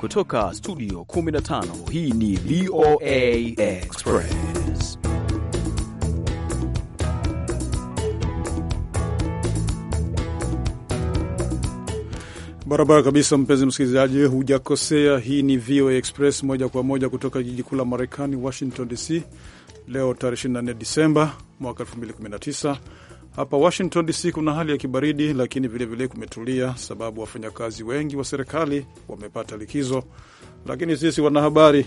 Kutoka studio 15 hii ni VOA Express. Barabara kabisa, mpenzi msikilizaji, hujakosea. Hii ni VOA Express moja kwa moja kutoka jiji kuu la Marekani, Washington DC. Leo tarehe 24 Disemba mwaka 2019 hapa Washington DC kuna hali ya kibaridi, lakini vilevile kumetulia, sababu wafanyakazi wengi wa serikali wamepata likizo, lakini sisi wanahabari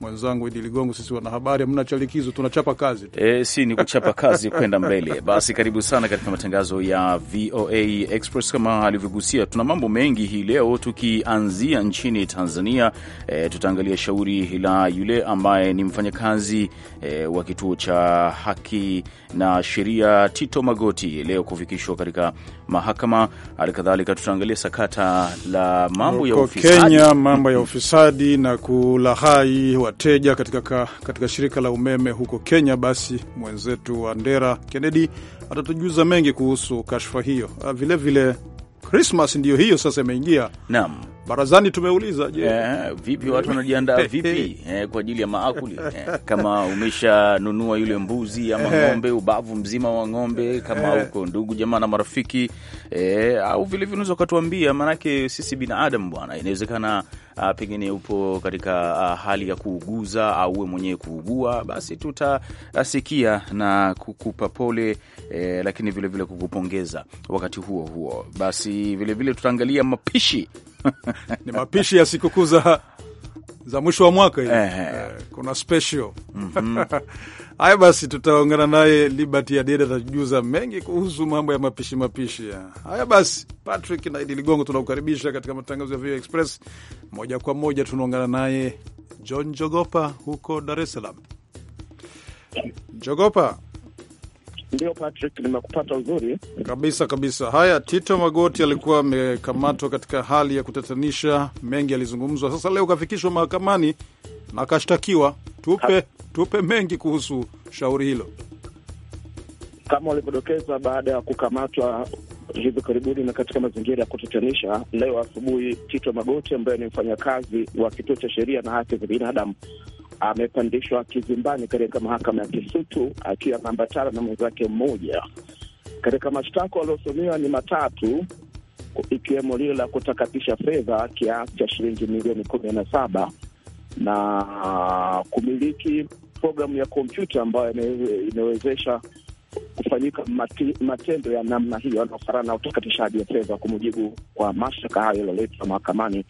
mwenzangu Idi Ligongo, sisi wanahabari hamna cha likizo, tunachapa kazi tu. E, si ni kuchapa kazi kwenda mbele. Basi karibu sana katika matangazo ya VOA Express. Kama alivyogusia, tuna mambo mengi hii leo, tukianzia nchini Tanzania. E, tutaangalia shauri la yule ambaye ni mfanyakazi e, wa kituo cha haki na sheria Tito Magoti leo kufikishwa katika mahakama. Halikadhalika tutaangalia sakata la mambo ya ufisadi, Kenya, mambo ya ufisadi na kulahai wa wateja katika, katika shirika la umeme huko Kenya. Basi mwenzetu wa Ndera Kennedy atatujuza mengi kuhusu kashfa hiyo. Vilevile ah, Krismas ndiyo hiyo sasa imeingia. Naam. Barazani tumeuliza je, yeah, vipi watu wanajiandaa vipi yeah, kwa ajili ya maakuli yeah, kama umeshanunua yule mbuzi ama eh. ng'ombe, ubavu mzima wa ng'ombe, kama eh. uko ndugu jamaa na marafiki eh, au vilevile unaweza ukatuambia, maanake sisi binadamu bwana, inawezekana uh, pengine upo katika uh, hali ya kuuguza au uwe mwenyewe kuugua, basi tutasikia na kukupa pole eh, lakini vilevile kukupongeza wakati huo huo. Basi vilevile tutaangalia mapishi ni mapishi ya sikukuu za mwisho wa mwaka. Eh, kuna special mhm. Haya basi, tutaongana naye Liberty Adede, atatujuza mengi kuhusu mambo ya mapishi mapishi. Haya basi, Patrick na Idi Ligongo, tunakukaribisha katika matangazo ya VOA Express moja kwa moja. Tunaongana naye John Jogopa huko Dar es Salaam. Jogopa. Ndio Patrick, nimekupata uzuri kabisa kabisa. Haya, Tito Magoti alikuwa amekamatwa katika hali ya kutatanisha, mengi yalizungumzwa. Sasa leo kafikishwa mahakamani na akashtakiwa. Tupe tupe mengi kuhusu shauri hilo? Kama walivyodokeza baada ya kukamatwa hivi karibuni na katika mazingira ya kutatanisha, leo asubuhi Tito Magoti ambaye ni mfanyakazi wa kituo cha sheria na haki za binadamu amepandishwa kizimbani katika mahakama ya Kisutu akiwa ameambatana na mwenzake mmoja. Katika mashtaka waliosomiwa ni matatu, ikiwemo lile la kutakatisha fedha kiasi cha shilingi milioni kumi na saba na kumiliki programu ya kompyuta ambayo imewezesha kufanyika matendo ya namna hiyo yanayofanana na utakatishaji wa fedha kwa mujibu kwa mashtaka hayo yaliyoletwa mahakamani,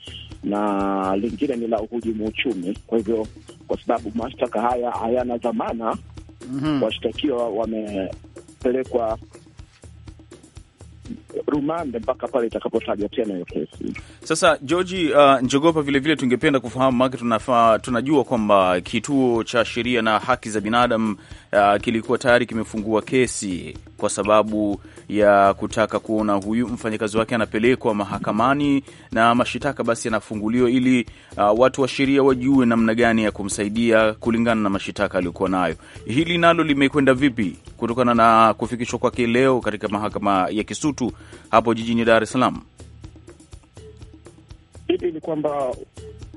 na lingine ni la uhujumu uchumi. Kwa hivyo, kwa sababu mashtaka haya hayana dhamana mm -hmm. washtakiwa wamepelekwa rumande mpaka pale itakapotaja tena hiyo kesi. Sasa George uh, Njogopa, vilevile tungependa kufahamu make tunafa, tunajua kwamba kituo cha sheria na haki za binadamu uh, kilikuwa tayari kimefungua kesi kwa sababu ya kutaka kuona huyu mfanyakazi wake anapelekwa mahakamani na mashitaka basi yanafunguliwa ili uh, watu wa sheria wajue namna gani ya kumsaidia kulingana na mashitaka aliyokuwa nayo. Hili nalo limekwenda vipi kutokana na kufikishwa kwake leo katika mahakama ya Kisutu hapo jijini Dar es Salaam? Hili ni kwamba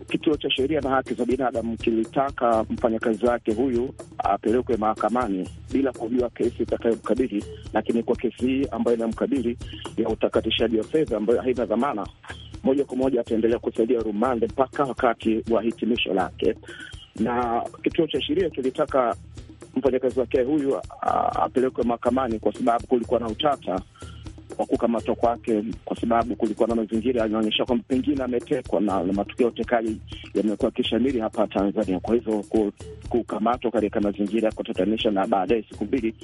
kituo cha sheria na haki za binadamu kilitaka mfanyakazi wake huyu apelekwe mahakamani bila kujua kesi itakayomkabili, lakini kwa kesi hii ambayo inamkabili ya utakatishaji wa fedha ambayo haina dhamana, moja kwa moja ataendelea kusaidia rumande mpaka wakati wa hitimisho lake. Na kituo cha sheria kilitaka mfanyakazi wake huyu apelekwe mahakamani kwa sababu kulikuwa na utata kwa kukamatwa kwake, kwa sababu kulikuwa na mazingira yanaonyesha kwamba pengine ametekwa, na matukio ya utekaji yamekuwa kishamiri hapa Tanzania. Kwa hivyo kukamatwa katika mazingira ya kutatanisha, na baadaye siku mbili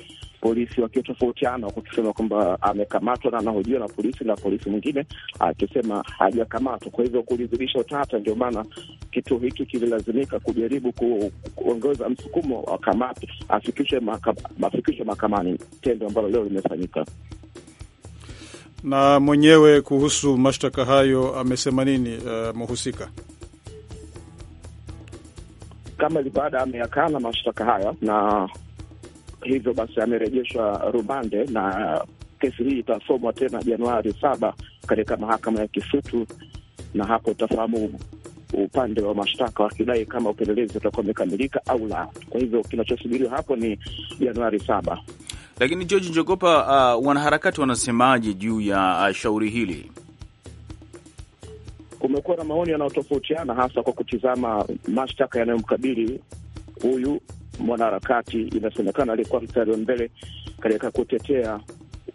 polisi wakiotofautiana, wakisema kwamba amekamatwa na anahojiwa na polisi, na polisi mwingine akisema hajakamatwa. Kwa hivyo kulizidisha utata, ndio maana kituo hiki kililazimika kujaribu kuongeza msukumo wa kamati afikishwe mahakamani, tendo ambalo leo limefanyika na mwenyewe kuhusu mashtaka hayo amesema nini? Uh, mhusika Kamel baada ameyakana mashtaka haya na hivyo basi amerejeshwa rumande na kesi hii itasomwa tena Januari saba katika mahakama ya Kisutu, na hapo utafahamu upande wa mashtaka wakidai kama upelelezi utakuwa umekamilika au la. Kwa hivyo kinachosubiriwa hapo ni Januari saba. Lakini George Njogopa, uh, wanaharakati wanasemaje juu ya uh, shauri hili? Kumekuwa na maoni yanayotofautiana hasa kwa kutizama mashtaka yanayomkabili huyu mwanaharakati. Inasemekana alikuwa mstari wa mbele katika kutetea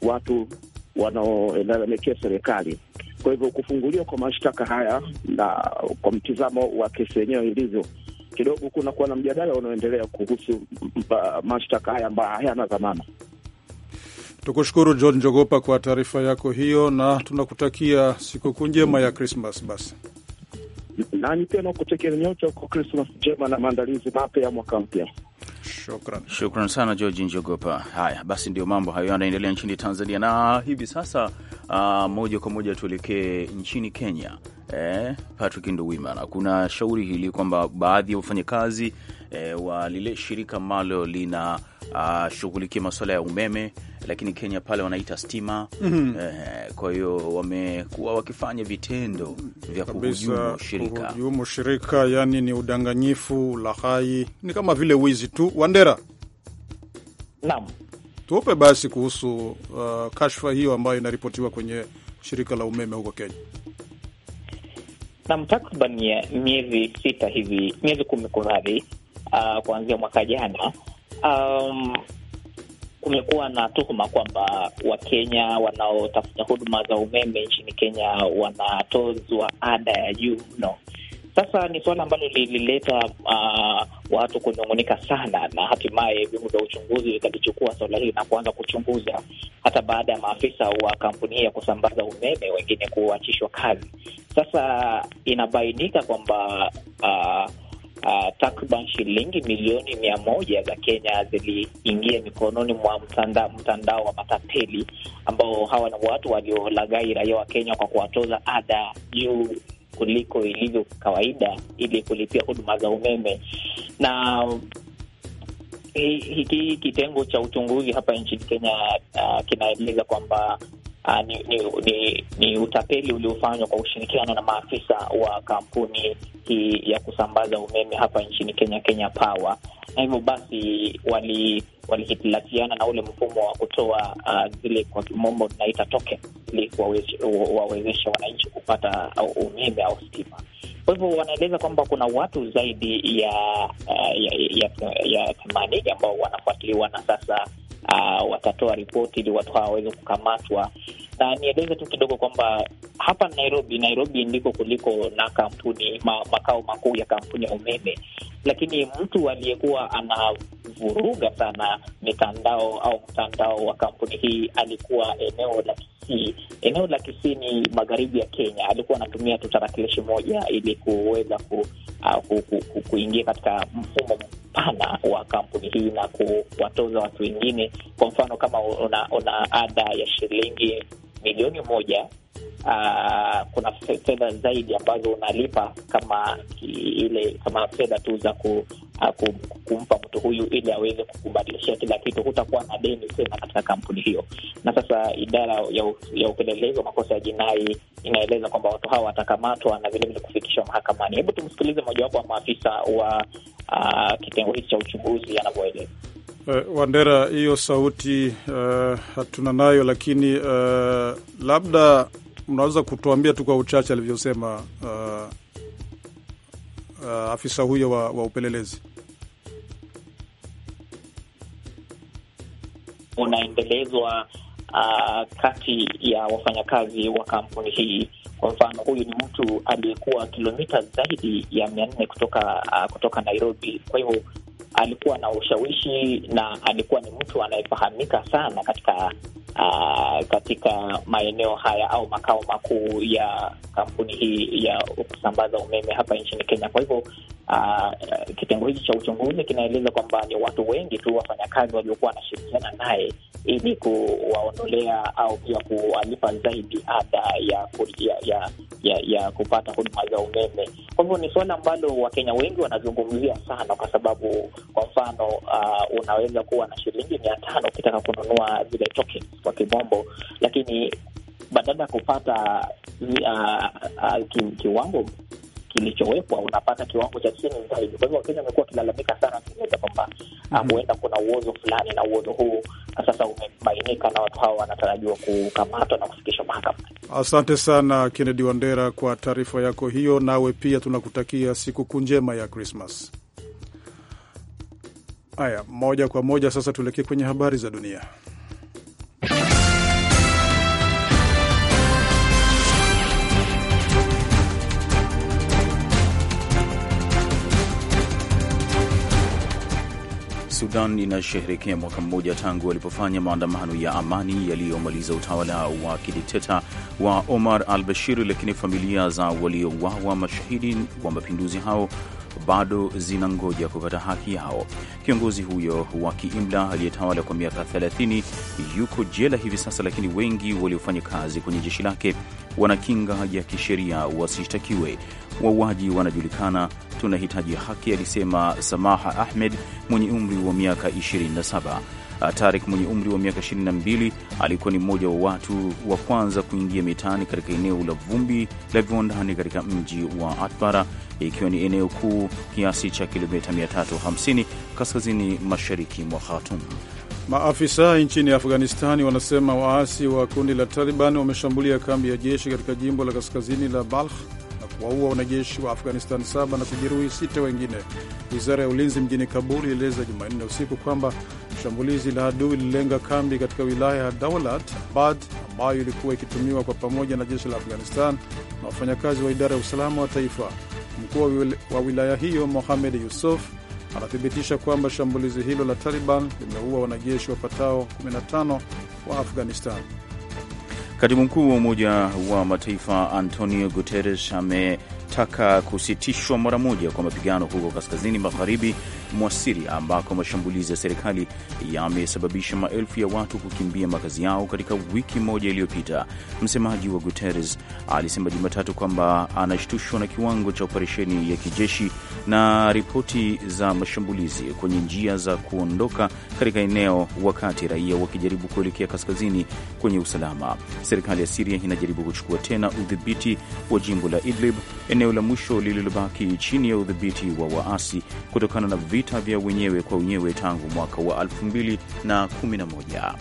watu wanaolalamikia serikali. Kwa hivyo kufunguliwa kwa mashtaka haya na kwa mtizamo wa kesi yenyewe ilivyo, kidogo kunakuwa na mjadala unaoendelea kuhusu uh, mashtaka haya ambayo hayana dhamana. Tukushukuru John Jogopa kwa taarifa yako hiyo, na tunakutakia sikukuu njema ya Krismas. Basi nani pia nakutakia nyote kwa Krismas njema na maandalizi mapya ya mwaka mpya. Shukran, shukran sana Georgi Njogopa. Haya basi, ndio mambo hayo yanaendelea nchini Tanzania na hivi sasa uh, moja kwa moja tuelekee nchini Kenya. Eh, Patrick Nduwimana, kuna shauri hili kwamba baadhi ya wafanyakazi eh, wa lile shirika ambalo lina ashughulikie masuala ya umeme, lakini Kenya pale wanaita stima mm -hmm. Eh, kwa hiyo wamekuwa wakifanya vitendo vya kuhujumu shirika, kuhujumu shirika, yani ni udanganyifu, lahai, ni kama vile wizi tu. Wandera, naam, tuope basi kuhusu uh, kashfa hiyo ambayo inaripotiwa kwenye shirika la umeme huko Kenya. Nam, takriban miezi sita hivi, miezi kumi kuradhi, uh, kuanzia mwaka jana um, kumekuwa na tuhuma kwamba Wakenya wanaotafuta huduma za umeme nchini Kenya wanatozwa ada ya juu mno. Sasa ni suala ambalo lilileta uh, watu kunung'unika sana, na hatimaye vyombo vya uchunguzi vikalichukua suala hili na kuanza kuchunguza, hata baada ya maafisa wa kampuni ya kusambaza umeme wengine kuachishwa kazi. Sasa inabainika kwamba uh, uh, takriban shilingi milioni mia moja za Kenya ziliingia mikononi mwa mtandao wa matapeli ambao hawa na watu waliolaghai raia wa Kenya kwa kuwatoza ada juu kuliko ilivyo kawaida ili kulipia huduma za umeme na hiki kitengo cha uchunguzi hapa nchini Kenya uh, kinaeleza kwamba Uh, ni, ni, ni, ni utapeli uliofanywa kwa ushirikiano na maafisa wa kampuni hii ya kusambaza umeme hapa nchini Kenya, Kenya Power, na hivyo basi wali walihitilafiana na ule mfumo wa kutoa uh, zile kwa kimombo tunaita token ili kuwawezesha wananchi kupata ah, umeme au stima. Kwa hivyo wanaeleza kwamba kuna watu zaidi ya uh, ya themanini ya, ya, ya ambao wanafuatiliwa na sasa uh, ah, watatoa ripoti ili watu waweze kukamatwa na nieleze tu kidogo kwamba hapa Nairobi, Nairobi ndiko kuliko na kampuni ma, makao makuu ya kampuni ya umeme, lakini mtu aliyekuwa anavuruga sana mitandao au mtandao wa kampuni hii alikuwa eneo la Kisii. Eneo la Kisii ni magharibi ya Kenya. Alikuwa anatumia tu tarakilishi moja ili kuweza ku, uh, ku, ku, ku, kuingia katika mfumo pana wa kampuni hii na kuwatoza watu wengine. Kwa mfano kama una, una ada ya shilingi milioni moja uh, kuna fedha zaidi ambazo unalipa kama ile kama fedha tu za ku, uh, kumpa mtu huyu ili aweze kukubadilishia kila kitu. Hutakuwa na deni tena katika kampuni hiyo. Na sasa idara ya, ya upelelezi wa makosa ya jinai inaeleza kwamba watu hawa watakamatwa na vilevile kufikishwa mahakamani. Hebu tumsikilize mojawapo wa maafisa wa uh, kitengo hichi cha uchunguzi anavyoeleza. Uh, Wandera, hiyo sauti uh, hatuna nayo, lakini uh, labda mnaweza kutuambia tu kwa uchache alivyosema uh, uh, afisa huyo wa, wa upelelezi unaendelezwa uh, kati ya wafanyakazi wa kampuni hii. Kwa mfano, huyu ni mtu aliyekuwa kilomita zaidi ya mia nne kutoka uh, kutoka Nairobi. Kwa hivyo alikuwa na ushawishi na alikuwa ni mtu anayefahamika sana katika uh, katika maeneo haya au makao makuu ya kampuni hii ya kusambaza umeme hapa nchini Kenya. Kwa hivyo Uh, kitengo hichi cha uchunguzi kinaeleza kwamba ni watu wengi tu wafanyakazi waliokuwa wanashirikiana naye ili kuwaondolea au pia kuwalipa zaidi ada ya, ya, ya, ya, ya kupata huduma za umeme. Kwa hivyo ni suala ambalo Wakenya wengi wanazungumzia sana, kwa sababu kwa mfano uh, unaweza kuwa na shilingi mia tano ukitaka kununua zile tokens kwa kimombo, lakini badala ya kupata uh, uh, ki, kiwango kilichowekwa unapata kiwango cha chini zaidi. Kwa hivyo Wakenya wamekuwa wakilalamika sana Kenyatta kwamba ah, mm-hmm. huenda kuna uozo fulani, na uozo huu sasa umebainika na watu hawa wanatarajiwa kukamatwa na kufikishwa mahakamani. Asante sana Kennedy Wandera kwa taarifa yako hiyo, nawe pia tunakutakia sikukuu njema ya Krismas. Haya, moja kwa moja sasa tuelekee kwenye habari za dunia. Sudan inasherehekea mwaka mmoja tangu walipofanya maandamano ya amani yaliyomaliza utawala wa kidikteta wa Omar al Bashir, lakini familia za waliouawa mashahidi wa mapinduzi hao bado zinangoja kupata haki yao. Kiongozi huyo wa kiimla aliyetawala kwa miaka 30 yuko jela hivi sasa, lakini wengi waliofanya kazi kwenye jeshi lake wana kinga ya kisheria wasishtakiwe. Wauaji wanajulikana, tunahitaji haki, alisema Samaha Ahmed mwenye umri wa miaka 27. Uh, Tarik mwenye umri wa miaka 22 alikuwa ni mmoja wa watu wa kwanza kuingia mitaani katika eneo la vumbi la viwandani katika mji wa Atbara, ikiwa ni eneo kuu kiasi cha kilomita 350 kaskazini mashariki mwa Khartoum. Maafisa nchini Afghanistani wanasema waasi wa kundi la Taliban wameshambulia kambi ya jeshi katika jimbo la kaskazini la Balkh na kuwaua wanajeshi wa Afghanistan saba na kujeruhi sita wengine. Wizara ya ulinzi mjini Kabul ilieleza Jumanne usiku kwamba Shambulizi la adui lililenga kambi katika wilaya ya dawlat Abad ambayo ilikuwa ikitumiwa kwa pamoja na jeshi la Afghanistan na wafanyakazi wa idara ya usalama wa taifa. Mkuu wa wilaya hiyo Mohamed Yusuf anathibitisha kwamba shambulizi hilo la Taliban limeua wanajeshi wapatao 15 wa Afghanistan. Katibu mkuu wa Umoja wa Mataifa Antonio Guterres ametaka kusitishwa mara moja kwa mapigano huko kaskazini magharibi mwa Siria ambako mashambulizi ya serikali yamesababisha maelfu ya watu kukimbia makazi yao katika wiki moja iliyopita. Msemaji wa Guterres alisema Jumatatu kwamba anashtushwa na kiwango cha operesheni ya kijeshi na ripoti za mashambulizi kwenye njia za kuondoka katika eneo, wakati raia wakijaribu kuelekea kaskazini kwenye usalama. Serikali ya Siria inajaribu kuchukua tena udhibiti wa jimbo la Idlib, eneo la mwisho lililobaki chini ya udhibiti wa waasi kutokana na vita vita vya wenyewe kwa wenyewe tangu mwaka wa 2011.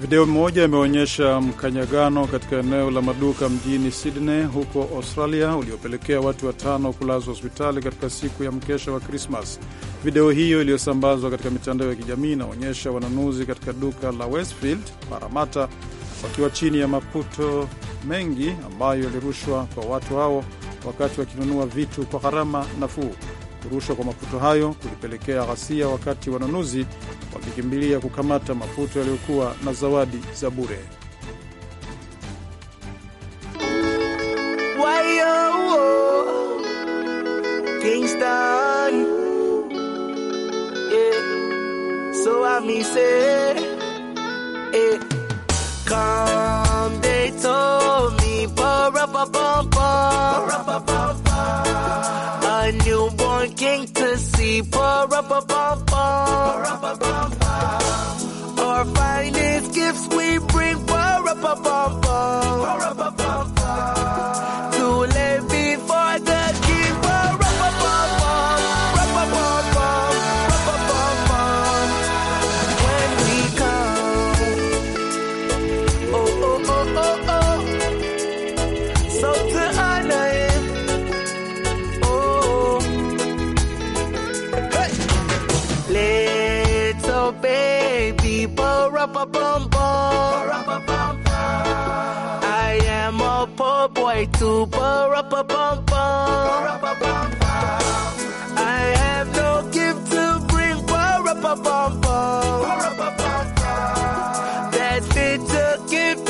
Video moja imeonyesha mkanyagano katika eneo la maduka mjini Sydney huko Australia uliopelekea watu watano kulazwa hospitali katika siku ya mkesha wa Krismas. Video hiyo iliyosambazwa katika mitandao ya kijamii inaonyesha wanunuzi katika duka la Westfield Parramatta wakiwa chini ya maputo mengi ambayo yalirushwa kwa watu hao wakati wakinunua vitu kwa gharama nafuu. Kurushwa kwa maputo hayo kulipelekea ghasia, wakati wanunuzi wakikimbilia kukamata maputo yaliyokuwa na zawadi za bure. Yeah. legacy. Our finest gifts we bring. Our I am a poor boy to too. I have no gift to bring. That bitch took gift.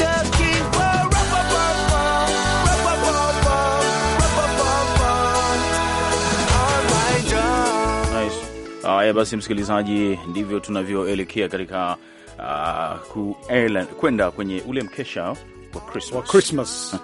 Haya basi, msikilizaji, ndivyo tunavyoelekea katika uh, kwenda kwenye ule mkesha wa Christmas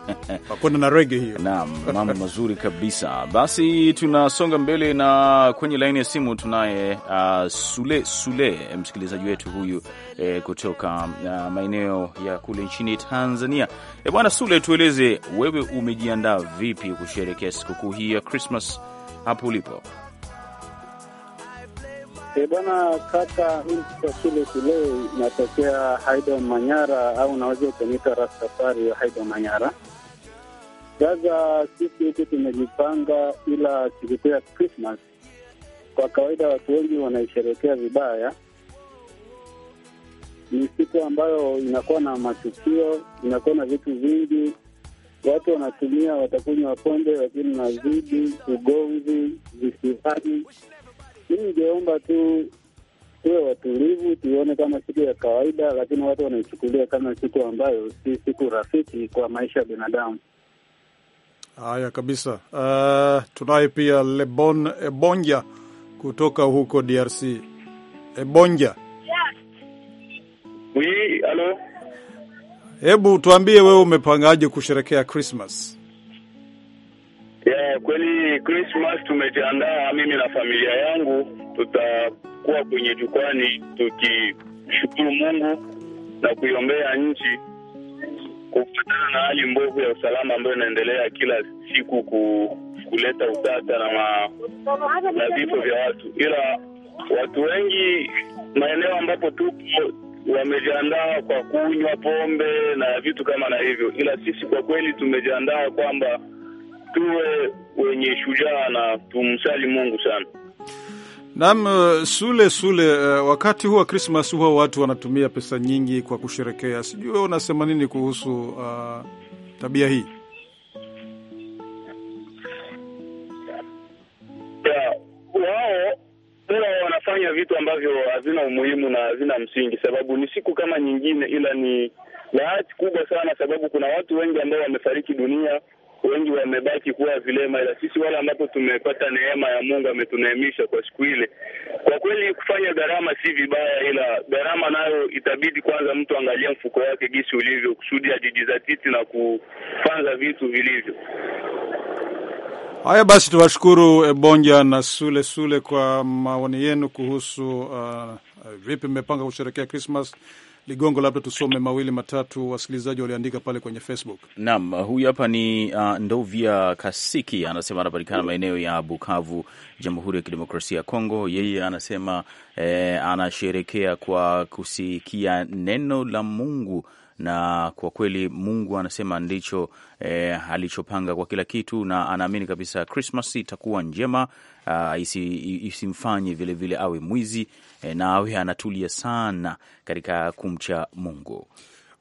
wakwenda na rege hiyo. Naam, mambo mazuri kabisa. Basi tunasonga mbele na kwenye laini ya simu tunaye uh, Sule Sule, msikilizaji wetu huyu eh, kutoka uh, maeneo ya kule nchini Tanzania. E bwana Sule, tueleze wewe umejiandaa vipi kusherekea sikukuu hii ya Christmas hapo ulipo? E bwana kaka, mimi kwa kile inatokea natokea Haida Manyara, au unaweza ukaniita Rastafari ya Haida Manyara. Sasa sisi huku tumejipanga, ila sikukuu ya Christmas kwa kawaida watu wengi wanaisherekea vibaya. Ni siku ambayo inakuwa na matukio, inakuwa na vitu vingi, watu wanatumia, watakunywa pombe, lakini nazidi ugomvi, visirani mimi ningeomba tu tuwe watulivu, tuione kama siku ya kawaida, lakini watu wanaichukulia kama siku ambayo si siku rafiki kwa maisha ya binadamu. Haya kabisa. Uh, tunaye pia Lebon Ebonja kutoka huko DRC. Ebonja, oui, hebu tuambie wewe umepangaje kusherekea crismas kweli Christmas tumejiandaa, mimi na familia yangu tutakuwa kwenye jukwani tukishukuru Mungu na kuiombea nchi kufuatana na hali mbovu ya usalama ambayo inaendelea kila siku ku, kuleta utata na, ma, na vifo vya watu, ila watu wengi maeneo ambapo tupo wamejiandaa kwa kunywa pombe na vitu kama na hivyo, ila sisi kwa kweli tumejiandaa kwamba tuwe wenye shujaa na tumsali Mungu sana. Naam, uh, Sule Sule, uh, wakati huu wa Krismas huwa watu wanatumia pesa nyingi kwa kusherekea. Sijui wewe unasema nini kuhusu uh, tabia hii? Wao wanafanya vitu ambavyo havina umuhimu na havina msingi, sababu ni siku kama nyingine, ila ni bahati kubwa sana, sababu kuna watu wengi ambao wamefariki dunia wengi wamebaki kuwa vilema, ila sisi wale ambapo tumepata neema ya Mungu ametuneemisha kwa siku ile, kwa kweli kufanya gharama si vibaya, ila gharama nayo itabidi kwanza mtu angalia mfuko wake gisi ulivyo, kusudi ajijizatiti na kufanza vitu vilivyo. Haya basi, tuwashukuru Ebonja eh, na Sule Sule kwa maoni yenu kuhusu uh, uh vipi mmepanga kusherekea Christmas. Ligongo, labda tusome mawili matatu wasikilizaji waliandika pale kwenye Facebook. Naam, huyu hapa ni uh, Ndovya Kasiki anasema anapatikana maeneo ya Bukavu, Jamhuri ya Kidemokrasia ya Kongo. Yeye anasema eh, anasherekea kwa kusikia neno la Mungu na kwa kweli Mungu anasema ndicho eh, alichopanga kwa kila kitu, na anaamini kabisa Krismas itakuwa njema uh, isimfanye isi vilevile awe mwizi eh, na awe anatulia sana katika kumcha Mungu.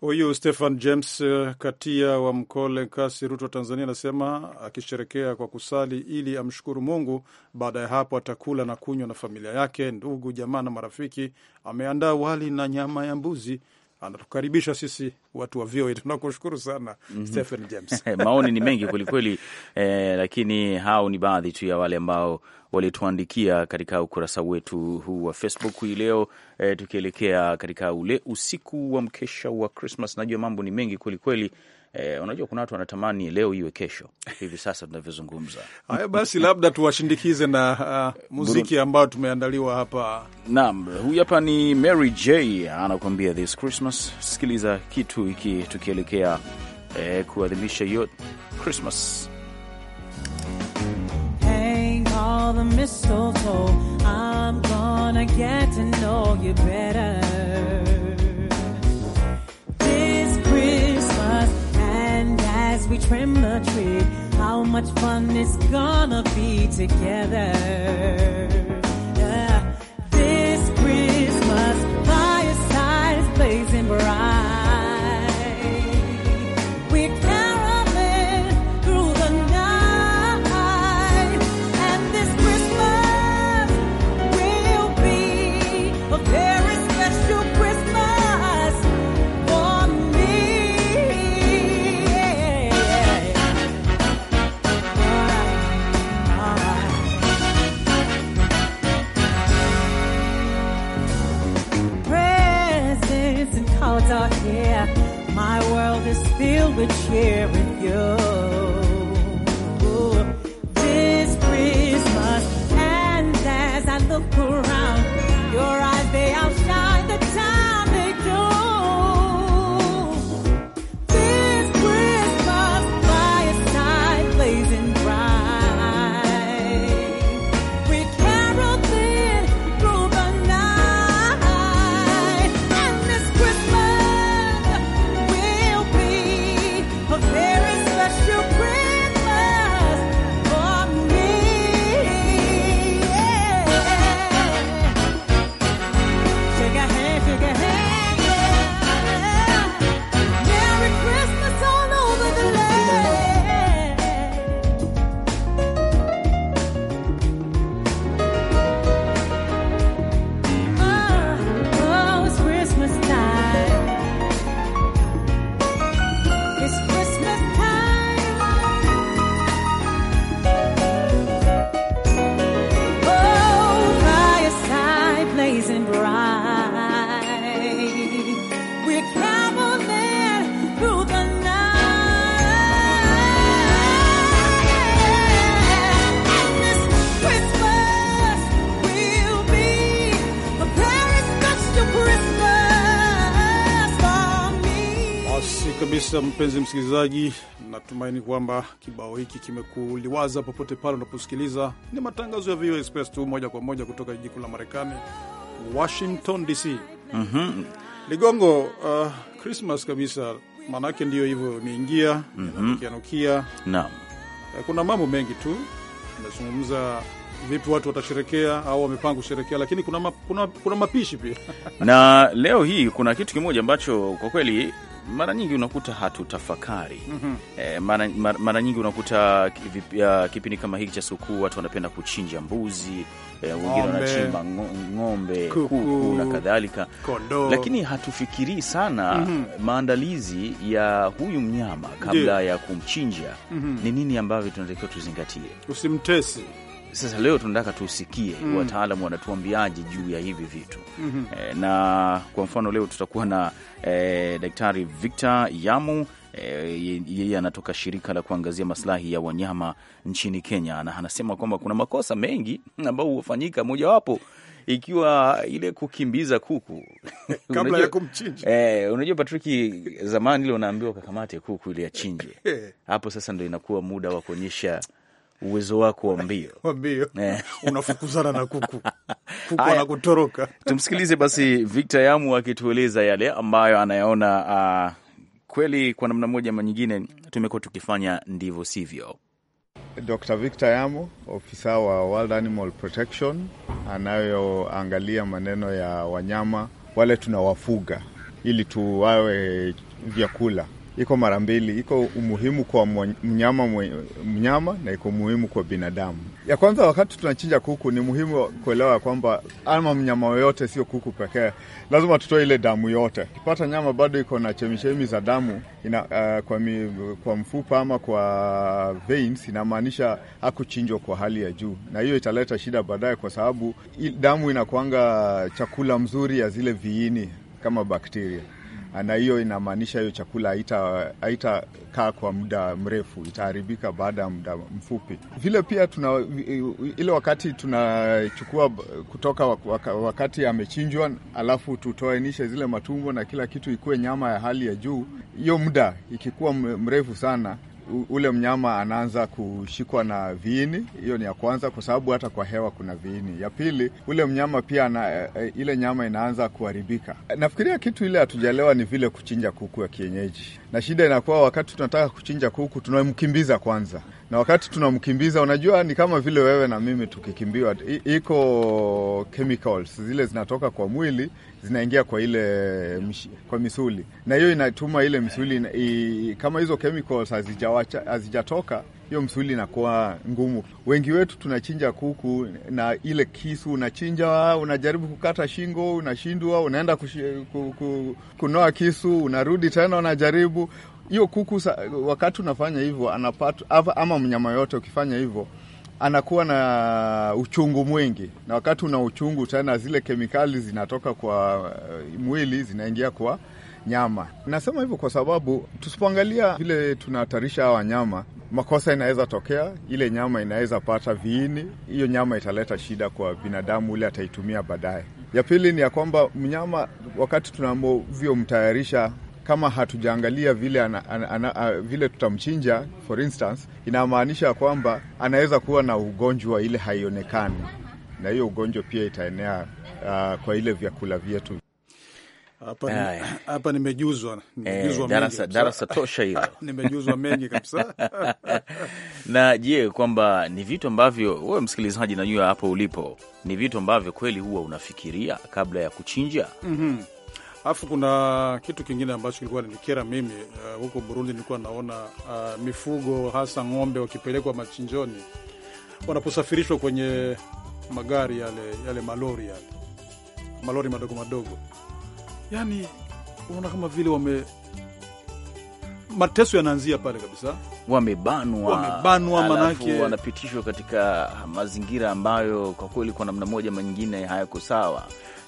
Huyu Stephen James eh, Katia wa Mkole Nkasi, Rutwa, Tanzania, anasema akisherekea kwa kusali ili amshukuru Mungu. Baada ya hapo atakula na kunywa na familia yake, ndugu, jamaa na marafiki. Ameandaa wali na nyama ya mbuzi anatukaribisha sisi watu wa VOA. Tunakushukuru sana mm -hmm. Stephen James maoni ni mengi kwelikweli eh, lakini hao ni baadhi tu ya wale ambao walituandikia katika ukurasa wetu huu wa Facebook hii leo eh, tukielekea katika ule usiku wa mkesha wa Christmas. Najua mambo ni mengi kwelikweli eh, unajua kuna watu wanatamani leo iwe kesho hivi sasa tunavyozungumza. Haya basi, labda tuwashindikize na uh, muziki ambao tumeandaliwa hapa. Naam, huyu hapa ni Mary J anakuambia this Christmas. Sikiliza kitu hiki tukielekea eh, kuadhimisha hiyo Christmas. All the mistletoe, I'm gonna get to know you better. we trim the tree. How much fun it's gonna be together. Yeah. This Christmas, fireside's blazing bright. filled with cheer with you. kabisa mpenzi msikilizaji, natumaini kwamba kibao hiki kimekuliwaza popote pale unaposikiliza. Ni matangazo ya VOA Express tu moja kwa moja kutoka jiji kuu la Marekani, Washington DC. mm -hmm. Ligongo, uh, Christmas kabisa, maanake ndiyo hivyo imeingia. mm -hmm. Uh, kuna mambo mengi tu tumezungumza vipi watu watasherekea au wamepanga kusherekea, lakini kuna, ma, kuna, kuna mapishi pia na leo hii kuna kitu kimoja ambacho kwa kweli mara nyingi unakuta hatutafakari mm -hmm. E, mara, mara nyingi unakuta kipindi kama hiki cha sikukuu watu wanapenda kuchinja mbuzi e, wengine wanachimba ng'ombe, kuku, kuku na kadhalika, lakini hatufikirii sana mm -hmm. maandalizi ya huyu mnyama kabla yeah. ya kumchinja mhm. ni mm -hmm. nini ambavyo tunatakiwa tuzingatie, usimtesi sasa leo tunataka tusikie mm. wataalamu wanatuambiaje juu ya hivi vitu mm -hmm. E, na kwa mfano leo tutakuwa na e, Daktari Victor Yamu eh, yeye ye, anatoka shirika la kuangazia maslahi ya wanyama nchini Kenya, na anasema kwamba kuna makosa mengi ambayo hufanyika, mojawapo ikiwa ile kukimbiza kuku kabla unajua, ya kumchinja eh, unajua Patrick, zamani ile unaambiwa kakamate kuku ile achinje hapo. Sasa ndo inakuwa muda wa kuonyesha uwezo wako wa mbio wa mbio eh. unafukuzana na kuku kuku anakutoroka. Tumsikilize basi Victor Yamu akitueleza yale ambayo anayaona. Uh, kweli kwa namna moja ama nyingine tumekuwa tukifanya ndivyo sivyo. Dr. Victor Yamu, ofisa wa World Animal Protection, anayoangalia maneno ya wanyama wale tunawafuga ili tuwawe vyakula iko mara mbili, iko umuhimu kwa mnyama mnyama na iko muhimu kwa binadamu. Ya kwanza, wakati tunachinja kuku, ni muhimu kuelewa kwamba ama mnyama yoyote, sio kuku pekee, lazima tutoe ile damu yote. Ukipata nyama bado iko na chemichemi za damu ina, uh, kwa, mi, kwa mfupa ama kwa veins, inamaanisha hakuchinjwa kwa hali ya juu, na hiyo italeta shida baadaye, kwa sababu damu inakuanga chakula mzuri ya zile viini kama bakteria na hiyo inamaanisha hiyo chakula haitakaa kwa muda mrefu, itaharibika baada ya muda mfupi. Vile pia tuna ile wakati tunachukua kutoka wakati amechinjwa, alafu tutoanishe zile matumbo na kila kitu ikuwe nyama ya hali ya juu. Hiyo muda ikikuwa mrefu sana ule mnyama anaanza kushikwa na viini. Hiyo ni ya kwanza, kwa sababu hata kwa hewa kuna viini. Ya pili, ule mnyama pia ana, eh, eh, ile nyama inaanza kuharibika. Nafikiria kitu ile hatujalewa ni vile kuchinja kuku ya kienyeji, na shida inakuwa wakati tunataka kuchinja kuku tunamkimbiza kwanza, na wakati tunamkimbiza, unajua ni kama vile wewe na mimi tukikimbiwa, iko chemicals zile zinatoka kwa mwili zinaingia kwa ile kwa misuli, na hiyo inatuma ile misuli i, kama hizo chemicals hazijatoka, hiyo msuli inakuwa ngumu. Wengi wetu tunachinja kuku na ile kisu, unachinja, unajaribu kukata shingo, unashindwa, unaenda kushi, ku, ku, kunoa kisu, unarudi tena, unajaribu hiyo kuku. Wakati unafanya hivyo anapata ama mnyama yote, ukifanya hivyo anakuwa na uchungu mwingi, na wakati una uchungu tena, zile kemikali zinatoka kwa eh, mwili zinaingia kwa nyama. Nasema hivyo kwa sababu tusipoangalia vile tunahatarisha hawa wanyama, makosa inaweza tokea, ile nyama inaweza pata viini, hiyo nyama italeta shida kwa binadamu, ule ataitumia baadaye. Ya pili ni ya kwamba mnyama wakati tunavyomtayarisha kama hatujaangalia vile, ana, ana, ana, vile tutamchinja for instance, inamaanisha kwamba anaweza kuwa na ugonjwa ile haionekani, na hiyo ugonjwa pia itaenea uh, kwa ile vyakula vyetu. Hapa nimejuzwa eh, nimejuzwa darasa, darasa tosha hilo nimejuzwa mengi kabisa na je, kwamba ni vitu ambavyo wewe msikilizaji, najua hapo ulipo, ni vitu ambavyo kweli huwa unafikiria kabla ya kuchinja. mm -hmm. Alafu kuna kitu kingine ambacho kilikuwa nikera mimi uh, Burundi nilikuwa naona uh, mifugo hasa ng'ombe wakipelekwa machinjoni, wanaposafirishwa kwenye magari yale yale malori yale malori madogo madogo, yani unaona kama vile wame mateso yanaanzia pale kabisa, wamebanwa wamebanwa, manake wanapitishwa katika mazingira ambayo kwa kweli kwa namna moja manyingine hayako sawa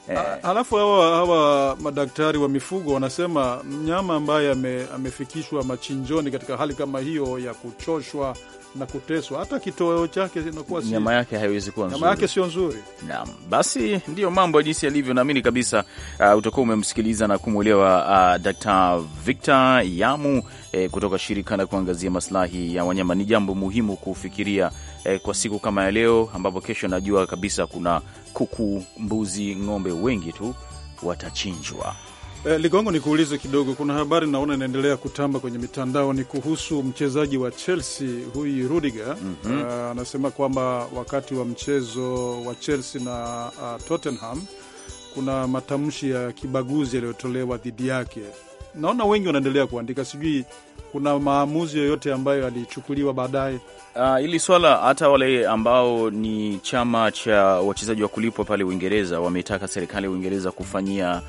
eh. Halafu hawa, hawa madaktari wa mifugo wanasema mnyama ambaye ame, amefikishwa machinjoni katika hali kama hiyo ya kuchoshwa na kuteswa, hata kitoweo chake inakuwa si nyama yake haiwezi kuwa nzuri, nyama yake sio nzuri. Naam, basi ndiyo mambo jinsi yalivyo. Naamini kabisa uh, utakuwa umemsikiliza na kumwelewa uh, Dr. Victor Yamu e, kutoka shirika la kuangazia maslahi ya wanyama. Ni jambo muhimu kufikiria e, kwa siku kama ya leo, ambapo kesho najua kabisa kuna kuku, mbuzi, ng'ombe wengi tu watachinjwa. E, Ligongo, nikuulize kidogo, kuna habari naona inaendelea kutamba kwenye mitandao, ni kuhusu mchezaji wa Chelsea huyu Rudiger mhm. e, anasema mm -hmm. kwamba wakati wa mchezo wa Chelsea na uh, Tottenham kuna matamshi ya kibaguzi yaliyotolewa dhidi yake naona wengi wanaendelea kuandika, sijui kuna maamuzi yoyote ambayo yalichukuliwa baadaye Uh, ah, ili swala. Hata wale ambao ni chama cha wachezaji wa kulipwa pale Uingereza wametaka serikali ya Uingereza kufanyia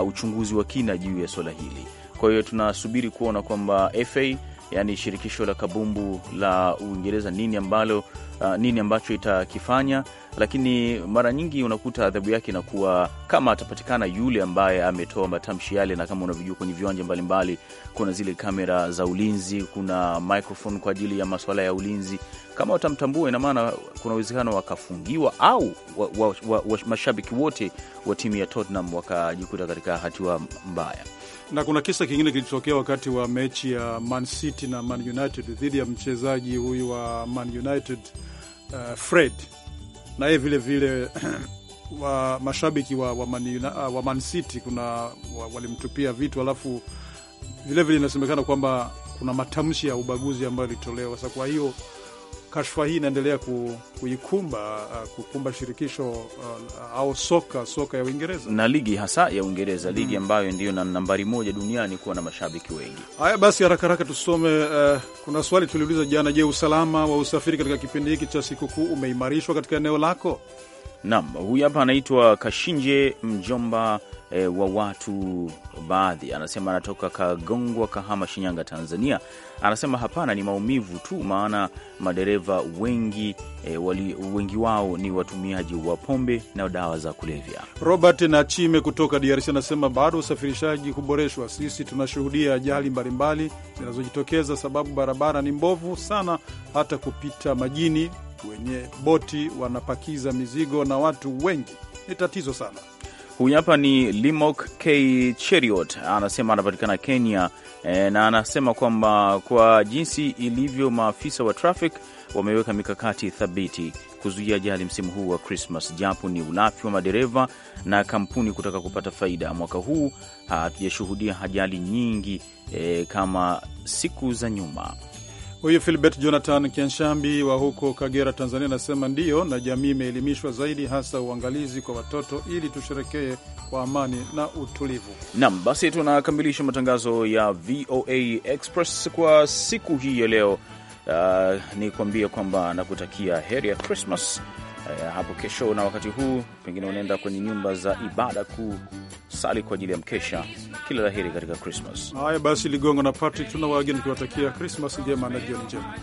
uh, uchunguzi wa kina juu ya swala hili. Kwa hiyo tunasubiri kuona kwamba FA yani shirikisho la kabumbu la Uingereza nini ambalo uh, nini ambacho itakifanya lakini mara nyingi unakuta adhabu yake inakuwa kama atapatikana yule ambaye ametoa matamshi yale, na kama unavyojua kwenye viwanja mbalimbali kuna zile kamera za ulinzi, kuna microphone kwa ajili ya masuala ya ulinzi. Kama watamtambua, ina maana kuna uwezekano wakafungiwa au wa, wa, wa, wa, mashabiki wote wa timu ya Tottenham wakajikuta katika hatua mbaya na kuna kisa kingine kilichotokea wakati wa mechi ya Man City na Man United dhidi ya mchezaji huyu wa Man United uh, Fred na ye vile vile wa mashabiki wa, wa, Man, ah, wa Man City kuna wa, walimtupia vitu, alafu vilevile inasemekana kwamba kuna matamshi ya ubaguzi ambayo ilitolewa. Sasa kwa hiyo kashfa hii inaendelea ku, kuikumba uh, kukumba shirikisho uh, au soka soka ya Uingereza na ligi hasa ya Uingereza, hmm. ligi ambayo ndiyo na nambari moja duniani kuwa na mashabiki wengi. Haya basi, haraka haraka tusome. Uh, kuna swali tuliuliza jana. Je, usalama wa usafiri katika kipindi hiki cha sikukuu umeimarishwa katika eneo lako? Naam, huyu hapa anaitwa Kashinje Mjomba e, wa watu baadhi. Anasema anatoka Kagongwa, Kahama, Shinyanga, Tanzania. Anasema hapana, ni maumivu tu, maana madereva wengi e, wali, wengi wao ni watumiaji wa pombe na dawa za kulevya. Robert Nachime kutoka DRC anasema bado usafirishaji kuboreshwa. Sisi tunashuhudia ajali mbalimbali zinazojitokeza sababu barabara ni mbovu sana, hata kupita majini wenye boti wanapakiza mizigo na watu wengi, ni tatizo sana. Huyu hapa ni Limok K Cheriot, anasema anapatikana Kenya e, na anasema kwamba kwa jinsi ilivyo, maafisa wa traffic wameweka mikakati thabiti kuzuia ajali msimu huu wa crismas japo ni ulafi wa madereva na kampuni kutaka kupata faida. Mwaka huu hatujashuhudia ajali nyingi e, kama siku za nyuma. Huyu Filbert Jonathan Kenshambi wa huko Kagera, Tanzania, anasema ndiyo, na jamii imeelimishwa zaidi, hasa uangalizi kwa watoto, ili tusherekee kwa amani na utulivu. nam basi tunakamilisha matangazo ya VOA Express kwa siku hii ya leo. Uh, ni kuambia kwamba nakutakia heri ya Christmas eh, hapo kesho. Na wakati huu pengine unaenda kwenye nyumba za ibada kusali kwa ajili ya mkesha. Kila la heri katika Krismas. Haya basi, Ligongo na Patrick tuna wageni kuwatakia Krismas njema na jioni njema.